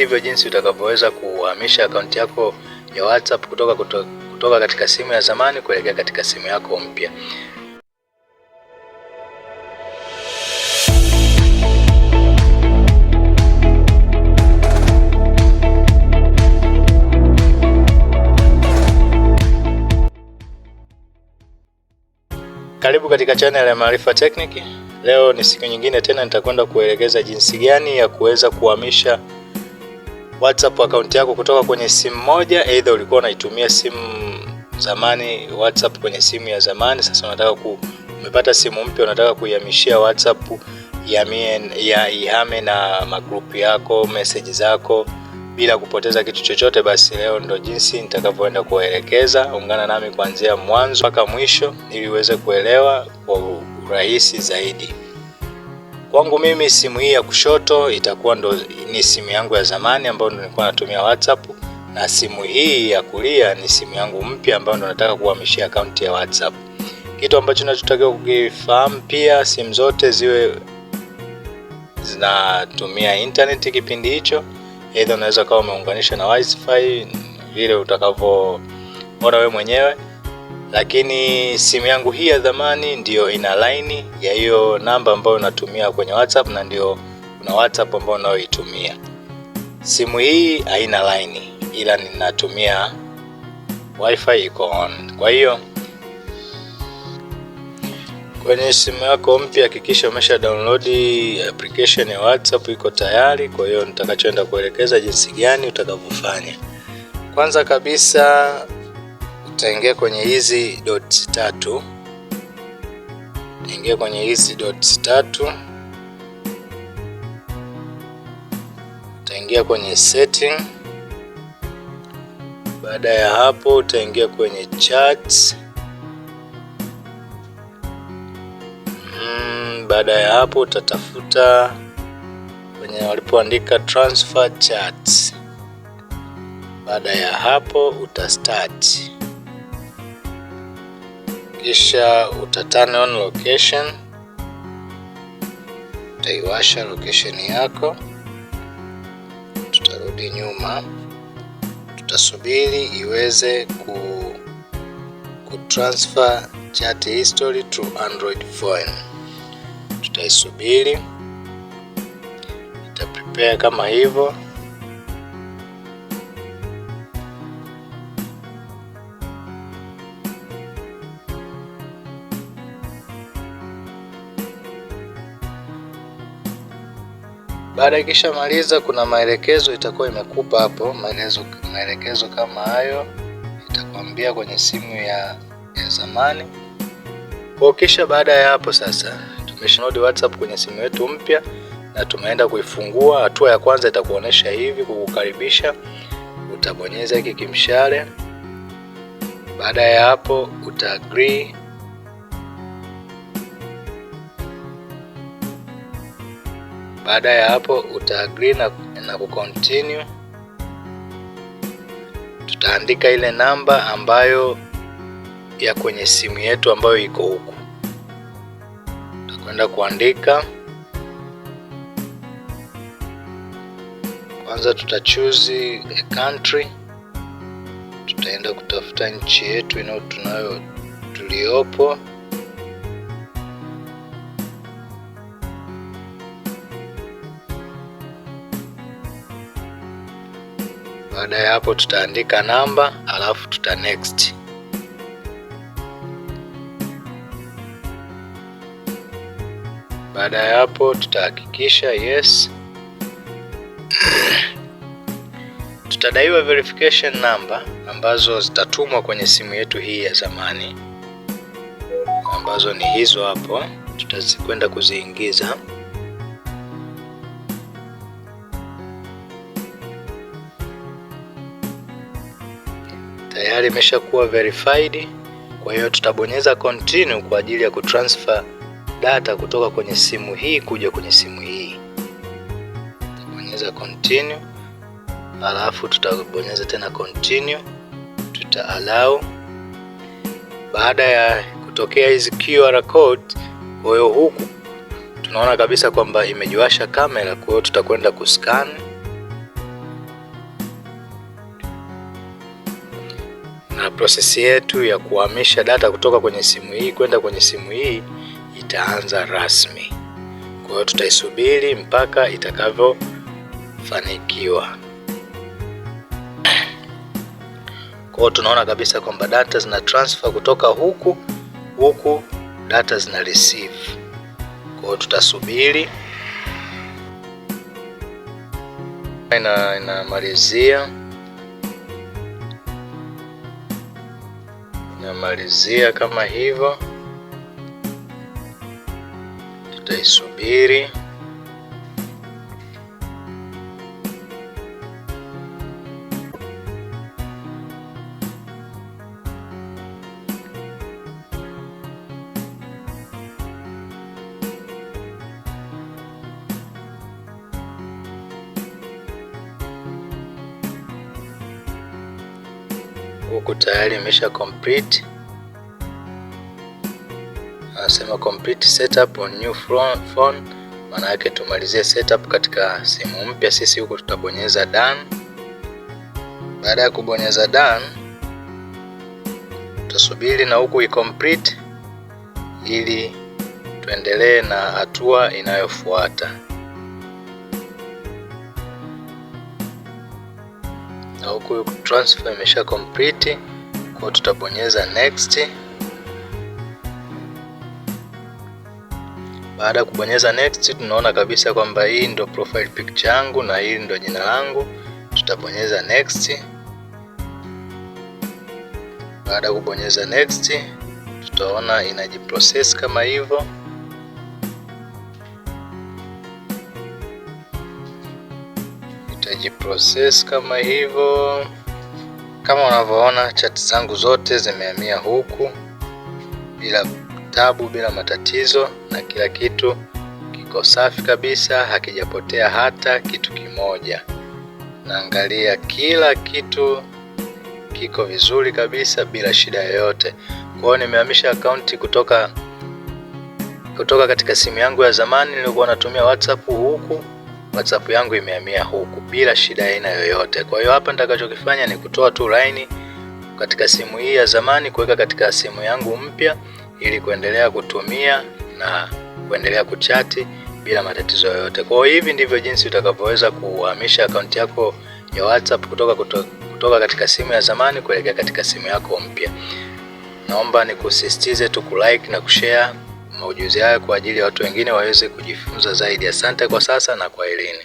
Ndivyo jinsi utakavyoweza kuhamisha akaunti yako ya WhatsApp kutoka kutoka, kutoka katika simu ya zamani kuelekea katika simu yako mpya. Karibu katika channel ya Maarifa Technique. Leo ni siku nyingine tena nitakwenda kuelekeza jinsi gani ya kuweza kuhamisha WhatsApp account yako kutoka kwenye simu moja, aidha ulikuwa unaitumia simu zamani WhatsApp kwenye simu ya zamani, sasa unataka ku umepata simu mpya, unataka kuihamishia WhatsApp mien, ya ihame na magrupu yako message zako bila kupoteza kitu chochote, basi leo ndo jinsi nitakavyoenda kuwaelekeza. Ungana nami kuanzia mwanzo mpaka mwisho ili uweze kuelewa kwa urahisi zaidi. Kwangu mimi simu hii ya kushoto itakuwa ndo ni simu yangu ya zamani ambayo nilikuwa natumia WhatsApp, na simu hii ya kulia ni simu yangu mpya ambayo ndo nataka kuhamishia akaunti ya WhatsApp. Kitu ambacho nachotakiwa kukifahamu pia, simu zote ziwe zinatumia internet kipindi hicho, aidha unaweza ukawa umeunganisha na wifi, vile utakavyoona wewe mwenyewe lakini simu yangu hii ya zamani ndiyo ina laini ya hiyo namba ambayo unatumia kwenye WhatsApp na ndio kuna WhatsApp ambayo unaoitumia. Simu hii haina laini, ila ninatumia wifi iko on. Kwa hiyo kwenye simu yako mpya hakikisha umesha download application ya WhatsApp iko tayari. Kwa hiyo nitakachoenda kuelekeza jinsi gani utakavyofanya, kwanza kabisa tutaingia kwenye hizi dot tatu, utaingia kwenye hizi dot tatu, utaingia kwenye setting. Baada ya hapo, utaingia kwenye charts. Mm, baada ya hapo utatafuta kwenye walipoandika transfer charts. Baada ya hapo utastart kisha uta turn on location, utaiwasha location yako. Tutarudi nyuma, tutasubiri iweze ku, ku transfer chat history to Android phone. Tutaisubiri ita prepare kama hivyo. Baada ya kisha maliza, kuna maelekezo itakuwa imekupa hapo maelezo, maelekezo kama hayo itakwambia kwenye simu ya, ya zamani kwa. Kisha baada ya hapo sasa, tumeshadownload WhatsApp kwenye simu yetu mpya na tumeenda kuifungua. Hatua ya kwanza itakuonesha hivi kukukaribisha, utabonyeza hiki kimshale. Baada ya hapo uta agree Baada ya hapo uta agree na, na continue. Tutaandika ile namba ambayo ya kwenye simu yetu ambayo iko huku, tutakwenda kuandika kwanza, tuta choose a country, tutaenda kutafuta nchi yetu inayo tunayo tuliopo Baada ya hapo tutaandika namba alafu tuta next. Baada ya hapo tutahakikisha yes. Tutadaiwa verification number ambazo zitatumwa kwenye simu yetu hii ya zamani ambazo ni hizo hapo, tutazikwenda kuziingiza. tayari imeshakuwa verified. Kwa hiyo tutabonyeza continue kwa ajili ya kutransfer data kutoka kwenye simu hii kuja kwenye simu hii. Tutabonyeza continue, alafu tutabonyeza tena continue, tuta allow. Baada ya kutokea hizi QR code, kwa hiyo huku tunaona kabisa kwamba imejiwasha kamera, kwa hiyo tutakwenda kuscan. na prosesi yetu ya kuhamisha data kutoka kwenye simu hii kwenda kwenye simu hii itaanza rasmi. Kwa hiyo tutaisubiri mpaka itakavyofanikiwa. Kwa hiyo tunaona kabisa kwamba data zina transfer kutoka huku huku, data zina receive. Kwa hiyo tutasubiri ina inamalizia Tunamalizia kama hivyo, tutaisubiri huku tayari imesha complete, anasema complete setup on new phone, maana yake tumalizie setup katika simu mpya. Sisi huku tutabonyeza done. Baada ya kubonyeza done, tutasubiri na huku icomplete ili tuendelee na hatua inayofuata. na huku transfer imesha complete, kwa tutabonyeza next. Baada ya kubonyeza next, tunaona kabisa kwamba hii ndo profile picture yangu na hii ndo jina langu. Tutabonyeza next. Baada ya kubonyeza next, tutaona inajiprocess kama hivyo. nitajiprocess kama hivyo. Kama unavyoona chati zangu zote zimehamia huku bila tabu, bila matatizo, na kila kitu kiko safi kabisa, hakijapotea hata kitu kimoja. Naangalia kila kitu kiko vizuri kabisa bila shida yoyote. Kwa hiyo nimehamisha akaunti kutoka kutoka katika simu yangu ya zamani niliyokuwa natumia WhatsApp huku WhatsApp yangu imehamia huku bila shida aina yoyote. Kwa hiyo hapa nitakachokifanya ni kutoa tu line katika simu hii ya zamani kuweka katika simu yangu mpya ili kuendelea kutumia na kuendelea kuchati bila matatizo yoyote. Kwa hiyo hivi ndivyo jinsi utakavyoweza kuhamisha akaunti yako ya WhatsApp kutoka kutoka, kutoka katika simu ya zamani kuelekea katika simu yako mpya. Naomba nikusisitize tu kulike na kushare maujuzi hayo kwa ajili ya watu wengine waweze kujifunza zaidi. Asante kwa sasa na kwa elini.